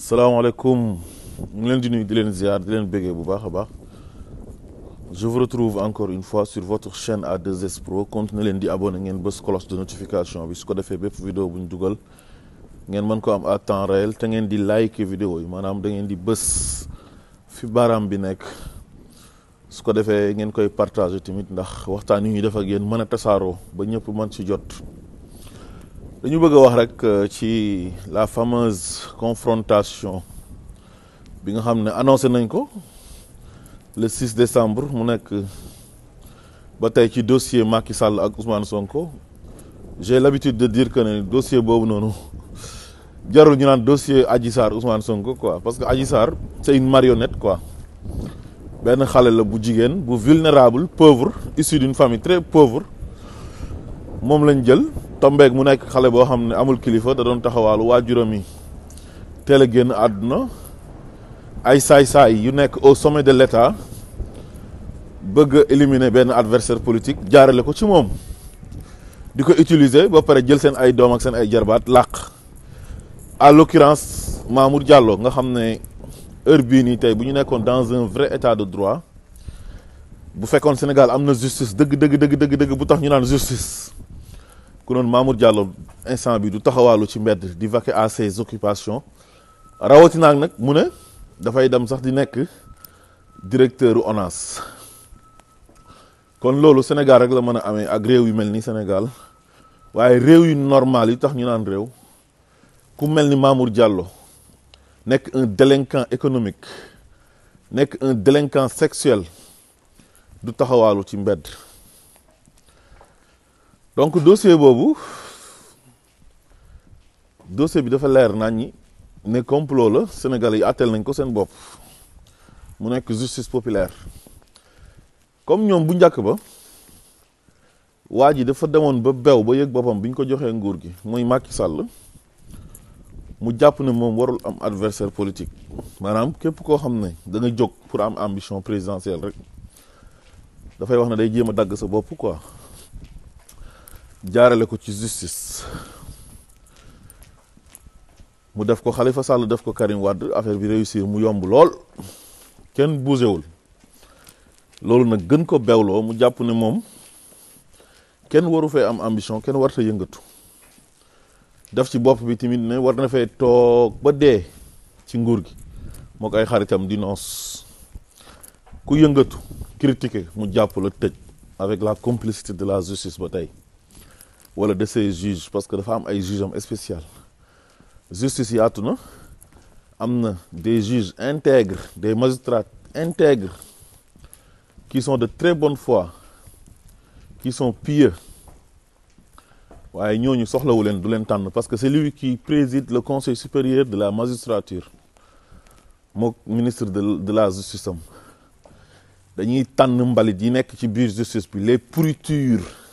salaamaaleykum ñu leen di nuyu di leen ziar di leen béggee bu baax a je vous retrouve encore une fois sur votre chaîne à 2 s Pro continuez leen di abonné ngeen bës cloche de notification bi su ko defee bépp vidéo bu ñu dugal ngeen ko am à temps réel te ngeen di like vidéo yi maanaam da ngeen di bës fi baaraam bi nekk su ko defee ngeen koy partagé tamit ndax waxtaan yi ñuy def ak yéen mën ba ñëpp mën ci jot nous avons euh, la fameuse confrontation bi nga été le 6 décembre Nous avons ba dossier Macky Sall Ousmane Sonko j'ai l'habitude de dire que le dossier boobu noonu jarul ñu un dossier Adji Ousmane Sonko parce que c'est une marionnette Il est xale la vulnérable pauvre issu d'une famille très pauvre moom lañ tombeeg mu nekk xale amul kilifa da doon a ay yu au sommet de l'État bëgg éliminer benn adversaire politique jaarale ko ci moom utiliser pare à l'occurrence Mamour Diallo nga xam ne heure dans un vrai état de droit bu fekkoon Sénégal justice bu tax justice ku noonu Mamour Diallo instant bi du taxawaalu ci mbedd di vaquer à ses occupations rawatina nag mu ne dafay dem sax di nekk directeur u ONAS kon loolu Sénégal rek la mën a amee ak réew yu mel ni Sénégal waaye réew yu normal yi tax ñu naan réew ku mel ni Mamour Diallo nekk un délinquant économique nekk un délinquant sexuel du taxawaalu ci mbedd donc dossier Bobu, dossier bi dafa leer ne complot la Sénégalais yi àtteel nañ ko seen bopp mu justice populaire comme nous bu njëkk ba waa dafa demoon ba bew ba yëg boppam bi ko nguur gi mu ne am adversaire politique da nga pour am ambition présidentielle rek quoi jaarale ko ci justice mu def ko Khalifa Sall def ko Karim Wade affaire bi réussir mu yomb lool kenn bougéwul loolu nag gën ko bewloo mu jàpp ne moom kenn waru fee am ambition kenn warta yëngatu def ci bopp bi tamit ne war na fee toog ba dee ci nguur gi moo ko ay xaritam dinos ku yëngatu critiquer mu jàpp la tëj avec la complicité de la justice ba tey Voilà de ses juges parce que dafa am ay juges am spécial justice yaatu na am na des juges intègres des magistrats intègres qui sont de très bonne foi qui sont pieux waaye ñooñu soxlawu leen du leen parce que c'est lui qui préside le conseil supérieur de la magistrature le ministre de la justice am dañuy tànn mbalit yi nekk ci biir justice les pourritures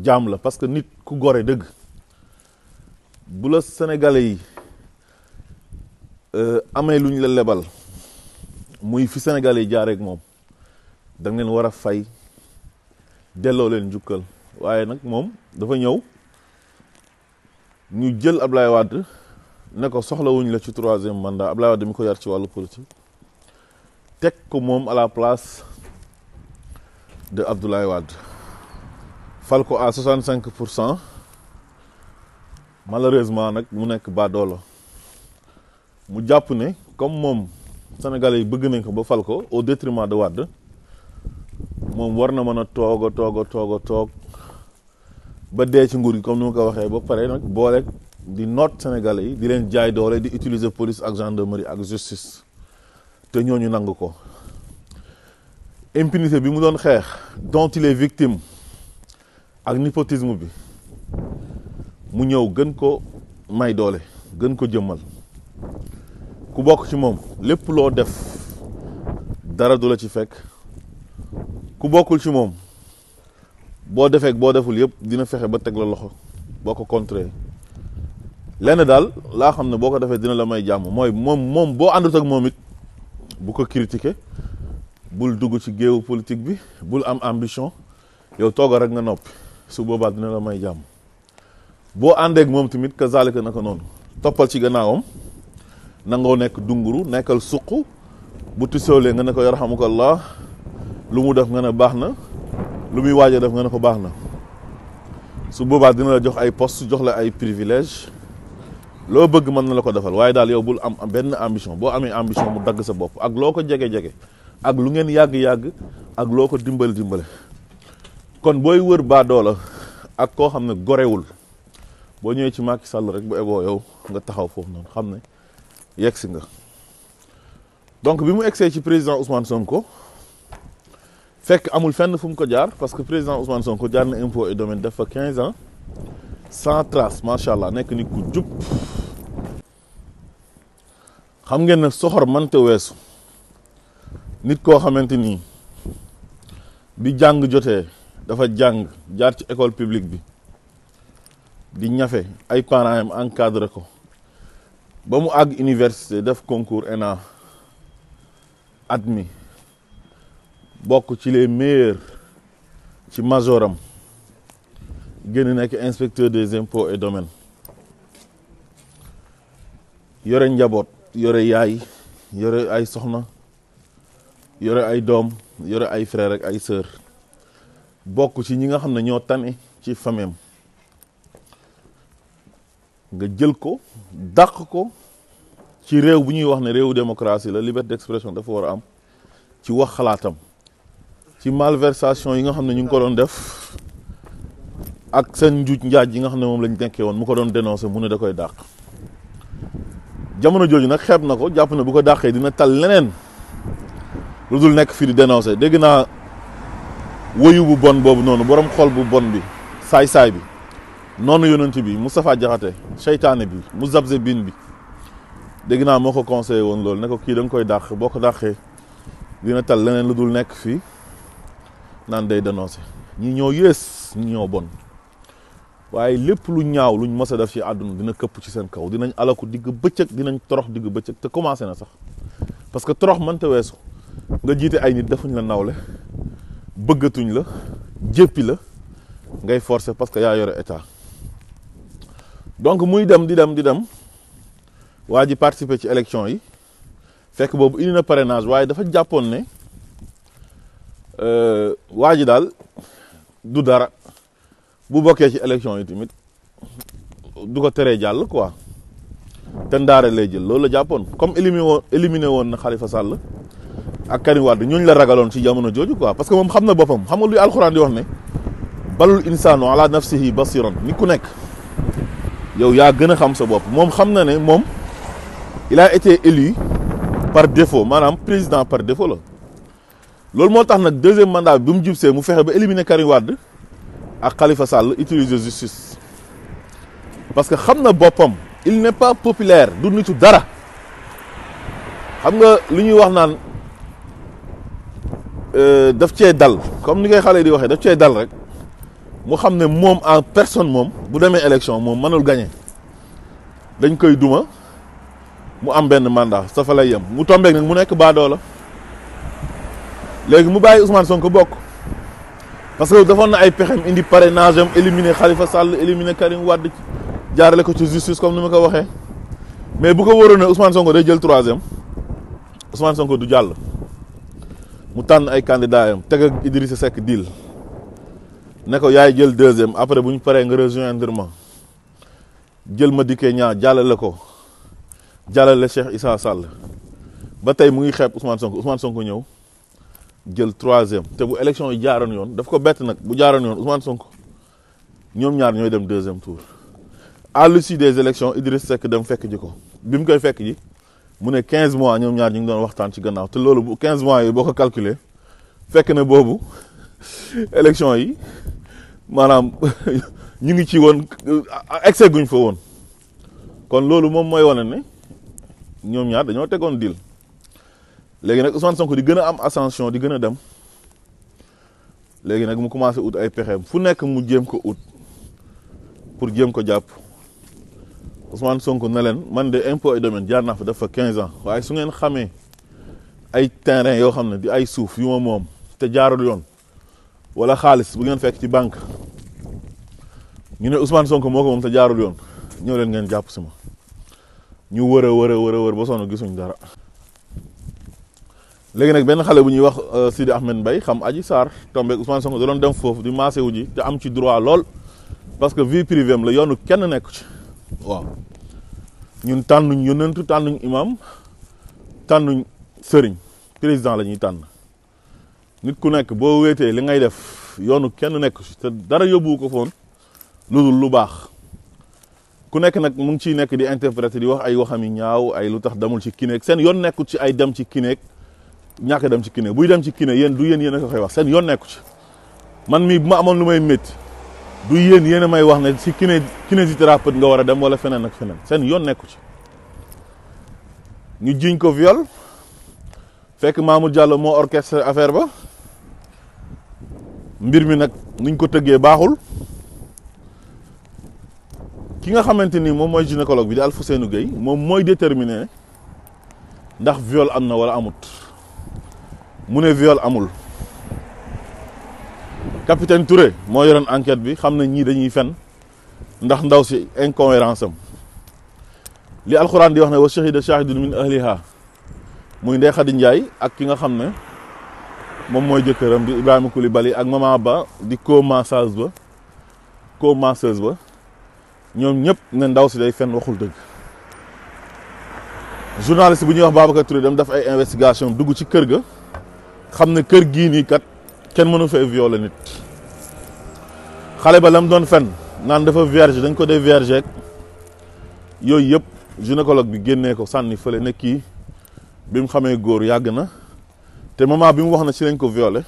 jaam la parce que nit ku gore dëgg bu la sénégalais yi euh, amee lu ñu la lebal muy fi sénégalais yi jaareek moom da ngeen war a fay delloo leen njukkal waaye nag moom dafa ñëw ñu jël ab Ablaye Wade ne ko soxla soxlawuñ la ci troisième mandat Ablaye Wade mi ko yar ci wàllu politique teg ko moom à la place de Abdoulaye Wade Falco à 65 malheureusement a mu de mu comme les sénégalais yi bëgg nañ au détriment de Wade moom war na a fait ba ci comme nous ko ba di sénégalais di di utiliser police ak gendarmerie ak justice té ñoñu ko impunité bi mu doon xex dont il est victime ak népotisme bi mu ñëw gën ko may doole gën ko jëmmal ku bokk ci moom lépp loo def dara du la ci fekk ku bokkul ci moom boo defee boo deful yëpp dina fexe ba teg la loxo boo ko contré lenn daal laa xam ne boo ko defee dina la may jàmm mooy moom moom boo àndut ak moom it bu ko critiquer bul dugg ci géewu politique bi bul am ambition yow toogal rek nga noppi su boobaa dina la may jàmm boo àndeek moom tamit kazalika ko noonu toppal ci gannaawam nangoo nekk dunguru nekkal suq bu tisoolee nga ne ko yarhamukallah lu mu def nga ne baax na lu muy waaj a def nga ne ko baax na su boobaa dina la jox ay poste jox la ay privilège loo bëgg mën na la ko defal waaye daal yow bul am benn ambition boo amee ambition mu dagg sa bopp ak loo ko jege-jege ak lu ngeen yàgg-yàgg ak loo ko dimbal dimbale kon booy wër baadoola ak koo xam ne gorewul boo ñëwee ci Macky Sall rek bu eboo yow nga taxaw foofu noonu xam ne yegg si nga donc bi mu egsee ci président son ko fekk amul fenn fu mu ko jaar parce que président Ousmane Sonko jaar na impôt et domaine def fa 15 ans sant trace macha allah nekk nit ku jub xam ngeen ne soxor mënta weesu nit koo xamante nii bi jàng jotee. dafa jàng jaar ci école publique bi di ñafe ay parents am encadré ko ba mu àgg université def concours ENA admis bokk ci les meilleurs ci majoram génn nekk inspecteur des impôts et domaines yore njaboot yore yaay yore ay soxna yore ay doom yore ay frère ak ay sœur bokk ci ñi nga xam ne ñoo tane ci fameem nga jël ko dàq ko ci réew bu ñuy wax ne réewu démocratie la liberté d'expression dafa war a am ci wax xalaatam ci malversation yi nga xam ne ñu ngi ko doon def ak seen njuuj njaaj yi nga xam ne moom lañ nekkee woon mu ko doon dénoncé mun na da koy dàq jamono jooju nag xeeb na ko jàpp na bu ko dàqee dina tal leneen lu dul nekk fii di dénoncé dégg naa woyu bu bon boobu noonu borom xool bu bon bi saay-saay bi noonu yonent bi mu safaa Diakhaté seytaane bi mu zabze bin bi dégg naa moo ko conseillé woon loolu ne ko kii da koy dàq boo ko dàqee dina tal leneen lu dul nekk fii naan dey dénoncé ñi ñoo yées ñi ñoo bon waaye lépp lu ñaaw luñ mës a def ci àdduna dina këpp ci seen kaw dinañ alaku digg bëccëg dinañ torox digg bëccëg te commencé na sax parce que torox mënta weesu nga jiite ay nit defuñ la nawle bëggatuñ la la ngay forcer parce que yaa état donc muy dem di dem di dem waa participer ci élection yi fekk boobu indi parrainage waaye dafa ne euh, waa ji daal du dara bu bokkee ci élection yi tamit du ko teree jàll quoi te ndaare lay jël loolu comme éliminé woon Khalifa Sall ak Karim Wade ñooñu la ragaloon ci jamono jooju quoi parce que moom xam na boppam xam nga luy alxuraan di wax ne balul insaanu ala nafsihi basiran ni ku nekk yow yaa gën a xam sa bopp moom xam na ne moom il a été élu par défaut maanaam président par défaut la loolu moo tax nag deuxième mandat bi mu jubsee mu fexe ba éliminer Karim Wade ak Khalifa Sall utiliser justice parce que xam na boppam il n'est pas populaire du nitu dara xam nga lu ñuy wax naan Euh, daf cee dal comme ni ngay xale di waxee daf cee dal rek mu xam ne moom en personne moom bu demee élection moom mënul gagné dañ koy duma mu am benn mandat sa fa lay yem mu tombeek nag mu nekk baadoo la léegi mu bàyyi Ousmane Sonko bokk parce que defoon na ay pexem indi parrainage am éliminer Khalifa Sall éliminer Karim Wade jaarale ko ci justice comme ni ma ko waxee mais bu ko wóoroon ne Ousmane Sonko day jël troisième Ousmane Sonko du jàll mu ay candidats yam teg ak Idrissa Seck deal ne ko yaay jël deuxième après bu ñu paree nga rejoindre ma jël ma dikkee ñaa jàllale ko jàllale Cheikh Issa Sall ba tey mu ngi xép Ousmane Sonko Ousmane Sonko ñëw jël troisième te bu élection yi jaaroon yoon daf ko bett nag bu jaaroon yoon Ousmane Sonko ñoom ñaar ñooy dem deuxième tour à l'issue des élections Idriss Seck dem fekk ji ko bi mu koy fekk ji mu 15 mois ñom ñaar ñu doon waxtaan ci gannaaw te loolu 15 mois yi boo calculer fekk na boobu élection yi maanaam ñu ngi ci woon euh, excès guñ fa woon kon loolu Ousmane Sonko di gën a am ascension di gën a dem léegi nag mu commencé ut ay pexeem fu nekk mu pour Ousmane Sonko na leen man de impôt et domaine jaar naa fa def fa 15 ans waaye su ngeen xamee ay terrain yoo xam ne di ay suuf yu ma moom te jaarul yoon wala xaalis bu ngeen fekk ci banque ñu ne Ousmane Sonko moo ko moom te jaarul yoon ñëw leen ngeen jàpp si ma ñu wër a wër a a wër ba sonn gisuñu dara. léegi nag benn xale bu ñuy wax euh, Sidi Ahmed mbay xam Adji Sarr tombeeg Ousmane Sonko da doon dem foofu di maase wu ji te am ci droit lool parce que vie privée am la yoonu kenn nekku ci. waaw ñun tànnuñ yonentu tànnuñ imam tànnuñ sëriñ président la ñuy tànn nit ku nekk boo wéetee li ngay def yoonu kenn nekk te dara yóbbu ko foon lu dul lu baax ku nekk nag mu ngi ciy nekk di interpréter di wax ay waxam yi ñaaw ay lu tax demul ci kineeg seen yoon nekku ci ay dem ci kineeg ñàkk dem ci kineeg buy dem ci kineeg yéen du yéen yéen a ko koy wax seen yoon nekku ci man mii bu ma amoon lu may métti du yéen yéen a may wax na si kiné kinésithérapeute nga war a dem wala feneen ak feneen seen yoon nekku ci ñu jiiñ ko viol fekk Mamour Diallo moo orchestre affaire ba mbir mi nag nuñ ko tëggee baaxul ki nga xamante ni moom mooy gynécologue bi daal di seenu géey moom mooy déterminer ndax viol am na wala amut mu ne viol amul capitaine Touré moo yoroon enquête bi xam na ñii dañuy fen ndax ndaw si incohérence am li alxuraan di wax ne wa shahida shahidun min ahliha muy Ndeye Khady njaay ak ki nga xam ne moom mooy jëkkëram di Ibrahima Coulibaly ak maman ba di co-masseuse ba co-masseuse ba ñoom ñëpp ne ndaw si day fen waxul dëgg journaliste bu ñuy wax Babacar Touré dem def ay investigation dugg ci kër ga xam ne kër gii nii kat kenn mënu fee violer nit xale ba la mu doon fen naan dafa vierge dañ ko dee vierge yooyu yëpp gynécologue bi génnee ko sànni fële ne kii bi mu xamee góor yàgg na te moment bi mu wax na ci lañ ko viole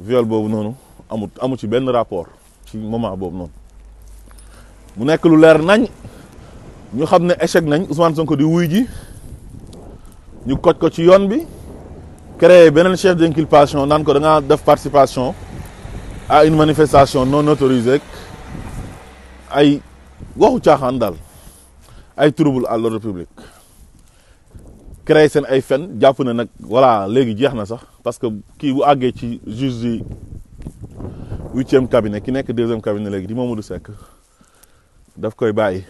viole boobu noonu amut amu ci benn rapport ci moment boobu noonu mu nekk lu leer nañ ñu xam ne échec nañ Ousmane ko di wuy ji ñu koj ko ci yoon bi créé beneen chef d'inculpation naan ko da def participation à une manifestation non autorisée ay waxu caaxaan daal ay trouble à l'ordre public créé sen ay fen jàpp na nag voilà légui jeex sax parce que ki bu àggee ci juge yi huitième cabinet ki 2 deuxième cabinet légui di Mamadou Seck daf koy bàyyi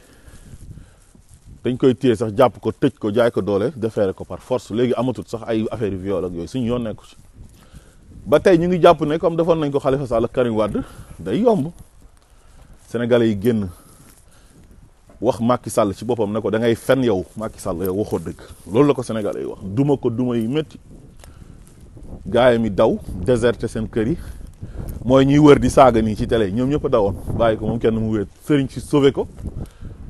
dañ koy téye sax jàpp ko tëj ko jaay ko doole defeere ko par force léegi amatul sax ay affaire yu viol ak yooyu suñu yoon nekku ci ba tey ñu ngi jàpp ne comme defoon nañ ko Khalifa Sall ak Karim Wade day yomb sénégalais yi génn wax Macky sàll ci boppam ne ko da ngay fen yow Macky Sall yow waxoo dëgg loolu la ko sénégalais yi wax duma ko duma yi métti gaay mi daw déserté seen kër yi mooy ñuy wër di saaga nii ci télé ñoom ñëpp dawoon bàyyi ko moom kenn mu wéet sëriñ si sauvé ko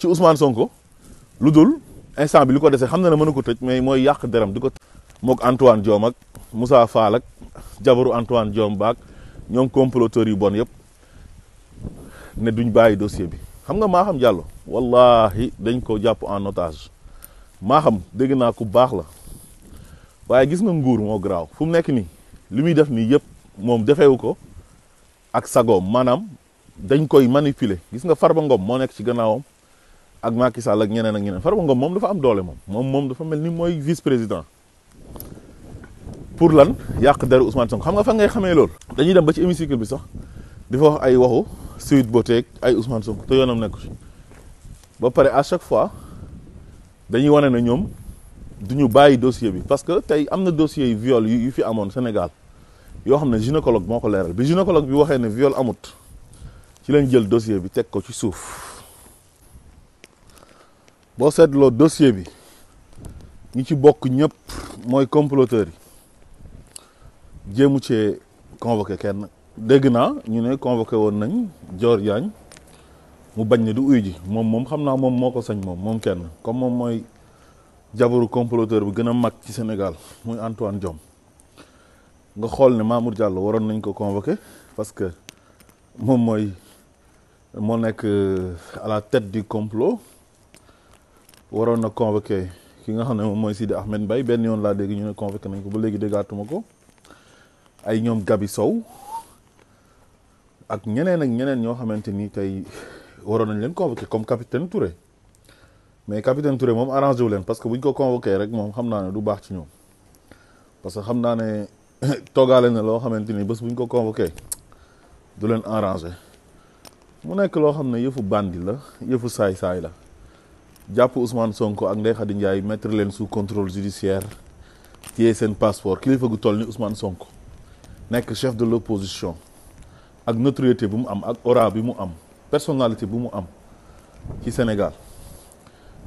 ci Ousmane Sonko lu dul instant bi li ko dese xam na ne mënu ko tëj mais mooy yàq deram di ko. mook Antoine Diome ak Moussa Fall ak jabaru Antoine Diome baak ñoom comploteurs yu bon yëpp ne duñ bàyyi dossier bi xam nga maa xam Diallo wallahi dañ ko jàpp en notage maaxam xam dégg naa ku baax la waaye gis nga nguur moo garaaw fu mu nekk nii li muy def nii yëpp moom defeewu ko ak sagoom maanaam dañ koy manipuler gis nga Farba Ngom moo nekk ci gannaawam ak Macky Sall ak ñeneen ak ñeneen Farba Ngom moom dafa am doole moom moom moom dafa mel ni mooy vice président pour lan yàq deru Ousmane Sonko xam nga fan ngay xamee loolu. dañuy dem ba ci hémicycle bi sax di fa wax ay waxu Sweet Beauté ay Ousmane Sonko te yoonam nekku ci ba pare à chaque fois dañuy wane ne ñoom du ñu bàyyi dossier bi parce que tey am na dossier yu viol yu fi amoon Sénégal yoo xam ne gynécologue moo ko leeral bi gynécologue bi waxee ne viol amut ci lañ jël dossier bi teg ko ci suuf boo seetloo dossier bi ñi ci bokk ñep moy comploteur yi jéemu ci convoquer kenn dégg naa ñu ne convoqué woon nañ mu bañ du uy ji moom moom xam naa moom sañ moom moom comme comploteur ci Sénégal Antoine nga Mamour Diallo convoqué parce que moom mooy euh, à la tête du complot waroon na convoqué ki nga xam ne moom mooy Sidi Ahmed Mbaye benn yoon laa dégg ñu ne convoqué nañ ko ba léegi déggaatuma ko ay ñoom Gabi Sow ak ñeneen ak ñeneen ñoo xamante ni tey waroon nañ leen convoqué comme capitaine Touré mais capitaine Touré moom arrangé wu leen parce que buñ ko convoqué rek moom xam naa ne du baax ci ñoom parce que xam naa ne toggaale na loo xamante ni bés buñ ko convoqué du leen arrangé mu nekk loo xam ne yëfu bandi la yëfu saay-saay la jàpp Ousmane Sonko ak Ndeye Khady Ndiaye mettre len sous contrôle judiciaire téye sen passeport kilifa gu tolni Ousmane Sonko nek chef de l'opposition ak notoriété bu mu am ak aura bi mu am personnalité bu mu am ci Sénégal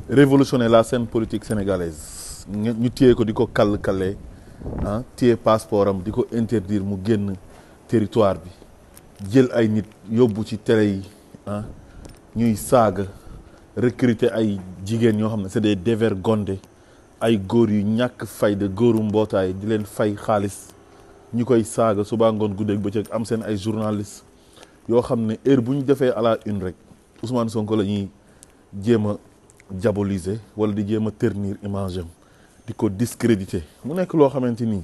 révolutionner la scène politique sénégalaise ñu téye ko diko kal kalé hein ah passeport am interdire mu génn territoire bi jël ay nit yóbbu ci télé yi ah, ñuy saga recruter ay jigéen ñoo xam ne c'est des gonde ay góor yu ñàkk fayda góoru mbootaay di leen fay xaalis ñu koy saaga suba ngoon guddeeg bëccëg am seen ay journaliste yoo xam ne heure bu ñu defee à la une rek Ousmane Sonko la ñuy jéem a diaboliser wala di jéem a ternir image am di ko discréditer mu nekk loo xamante ni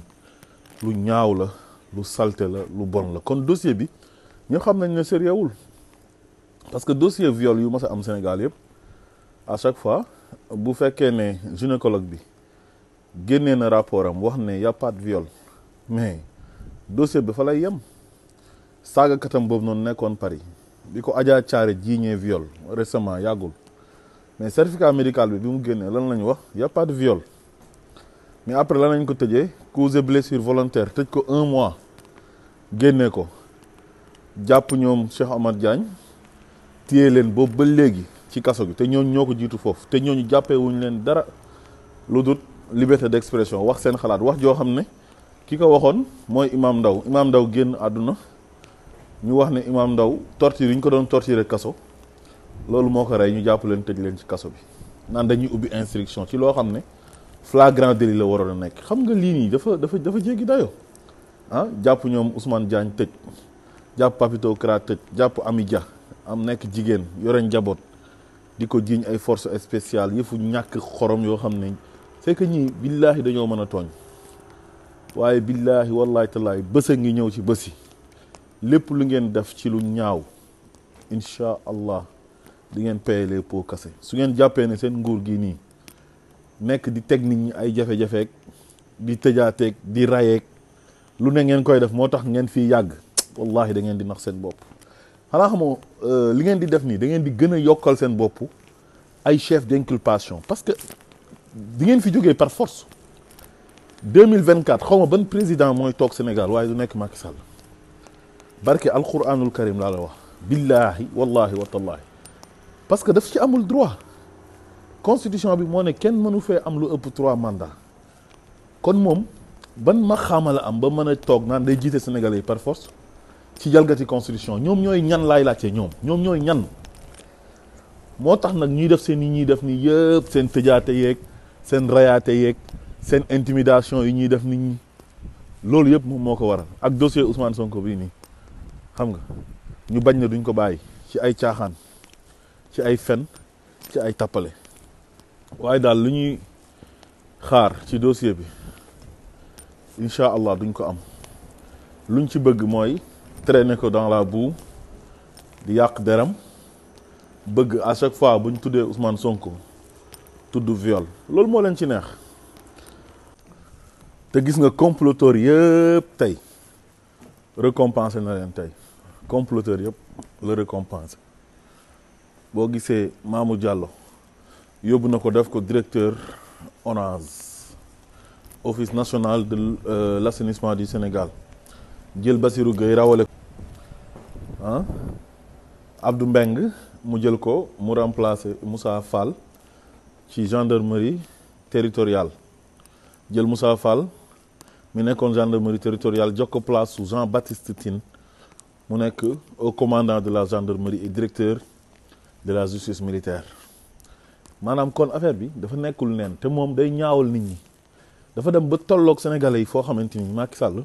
lu ñaaw la lu salte la lu bon la kon dossier bi ñu xam nañ ne sérieux wul parce que dossier viol yu mas a am Sénégal yëpp à chaque fois bu gynécologue na rapport a pas de viol mais dossier bi fa lay yem saagakatam boobu né nekkoon Paris Adja un viol récemment mais certificat médical bi a pas de viol mais après lan cause blessure volontaire un mois Cheikh ci kaso bi te ñooñu ñoo ko jiitu foofu te ñooñu jàppee wuñu leen dara lu dul liberté d'expression wax seen xalaat wax joo xam ne ki ko waxoon mooy Imaam Ndaw Imaam Ndaw génn àdduna ñu wax ne Imaam Ndaw torture yi ñu ko doon torturer kaso loolu moo ko rey ñu jàpp leen tëj leen ci kaso bi naan dañuy ubbi instruction ci loo xam ne flagrant délit la waroon a nekk xam nga lii nii dafa dafa dafa jéggi dayoo ah jàpp ñoom Ousmane Diagne tëj jàpp Papito tëj jàpp Amy Dia am nekk jigéen yore njaboot di ko jiiñ ay force espéciale yëfu ñàkk xorom yoo xam ne c'est que ñii billaahi dañoo mën a tooñ waaye billaahi wallaahi tallaahi bës a ngi ñëw ci bés yi lépp lu ngeen def ci lu ñaaw incha allah di ngeen payer les kase su ngeen jàppee ne seen nguur gi nii nekk di teg nit ñi ay jafe-jafeek di tëjaateeg di rayeeg lu ne ngeen koy def moo tax ngeen fi yàgg wallahi da ngeen di nax seen bopp Alors, xamoo euh, li ngeen di def nii da ngeen di gën a yokkal seen ay chef d'inculpation parce que di ngeen fi par force 2024 xaw bon ban président moi, talk Sénégal waaye du nek Macky Sall barke alquranul karim la la wax billahi, wallahi wa tallahi. parce que daf ci amul droit constitution bi moo ne ken mënu fee am lu ëpp trois mandats kon mom ban ma xamala am ba mën a nan day jité Sénégalais par force ci jalgati constitution ñoom ñooy ñan laay laajte ñoom ñoom ñooy ñan moo tax nag ñuy def seen yi ñuy def nii yëpp seen tëjaate yeeg seen rayaate yeeg seen intimidation yi ñuy def nit loolu yëpp moom moo ko waral ak dossier Ousmane Sonko bii nii xam nga ñu bañ na duñ ko bàyyi ci ay caaxaan ci ay fen ci ay tappale waaye daal lu ñuy xaar ci dossier bi incha allah duñ ko am luñ ci bëgg mooy traîné ko dans la boue di deram à chaque fois bu a Ousmane Sonko du viol mo leen te gis nga comploteur yëpp tay, na leen tay, comploteur yëpp le récompense. Bo Mamou Diallo def ko directeur ONAS office national de euh, l'assainissement du Sénégal jël Bassirou Gueye Ah? Abdou Mbeng mu jël ko mu remplacer Moussa Fall ci gendarmerie territoriale jël Moussa Fall mi nekkon gendarmerie territoriale jox ko place sous Jean Baptiste Tine mu nekk au commandant de la gendarmerie et directeur de la justice militaire manam kon affaire bi dafa nekkul neen te mom day ñaawal nit ñi dafa dem ba tollok sénégalais yi foo xamante Macky Sall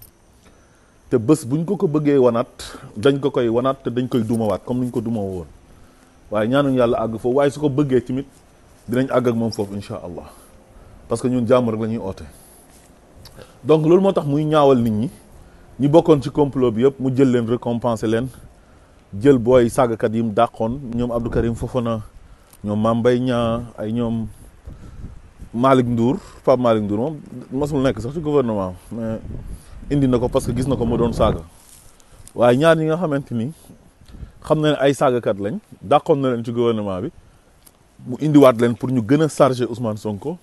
te bës bu ñu ko ko bëggee wanaat dañ ko koy wanaat te dañ koy dumawaat comme ni ñu ko duma woon waaye ñaanuñu yàlla àgg foofu waaye su ko bëggee tamit dinañ àgg ak moom foofu incha allah parce que ñun jàmm rek la ñuy oote. donc loolu moo tax muy ñaawal nit ñi ñi bokkoon ci complot bi yëpp mu jël leen récompenser leen jël booy sàggkat yi mu dàqoon ñoom Abdou Karim na ñoom Mame Mbaye Niang ay ñoom Malick nduur Pape Malick Ndour moom mosul nekk sax ci indi na ko parce que gis na ko ma doon saaga waaye ñaar yi nga xamante ni xam na ne ay saagakat lañ dàqoon na leen ci gouvernement bi mu indiwaat leen pour ñu gën a chargé Ousmane Sonko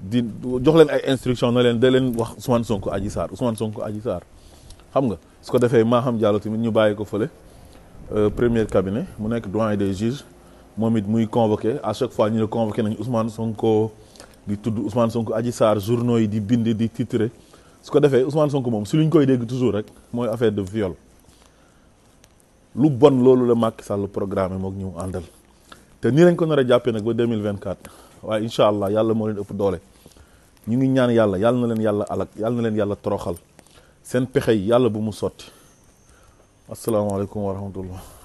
di jox leen ay instruction na leen da leen wax Ousmane Sonko Adji Sarr Ousmane Sonko Adji Sarr xam nga su ko defee Maham Diallo tamit ñu bàyyi ko fële euh, premier cabinet mu nekk doyen des juges moom it muy convoqué à chaque fois ñu ne convoqué nañ Ousmane Sonko di tudd Ousmane Sonko Adji Sarr journaux yi di bind di titré su ko defee Ousmane Sonko moom si lu ñu koy dégg toujours rek mooy affaire de viol lu bon loolu la Macky Sall programme mook ñëw àndal te nii lañ ko nar a jàppee nag ba 2024 waaye incha allah yàlla moo leen ëpp doole ñu ngi ñaan yàlla yàlla na leen yàlla alak yàlla na leen yàlla toroxal seen pexe yi yàlla bu mu sotti asalaamaaleykum wa rahmatullah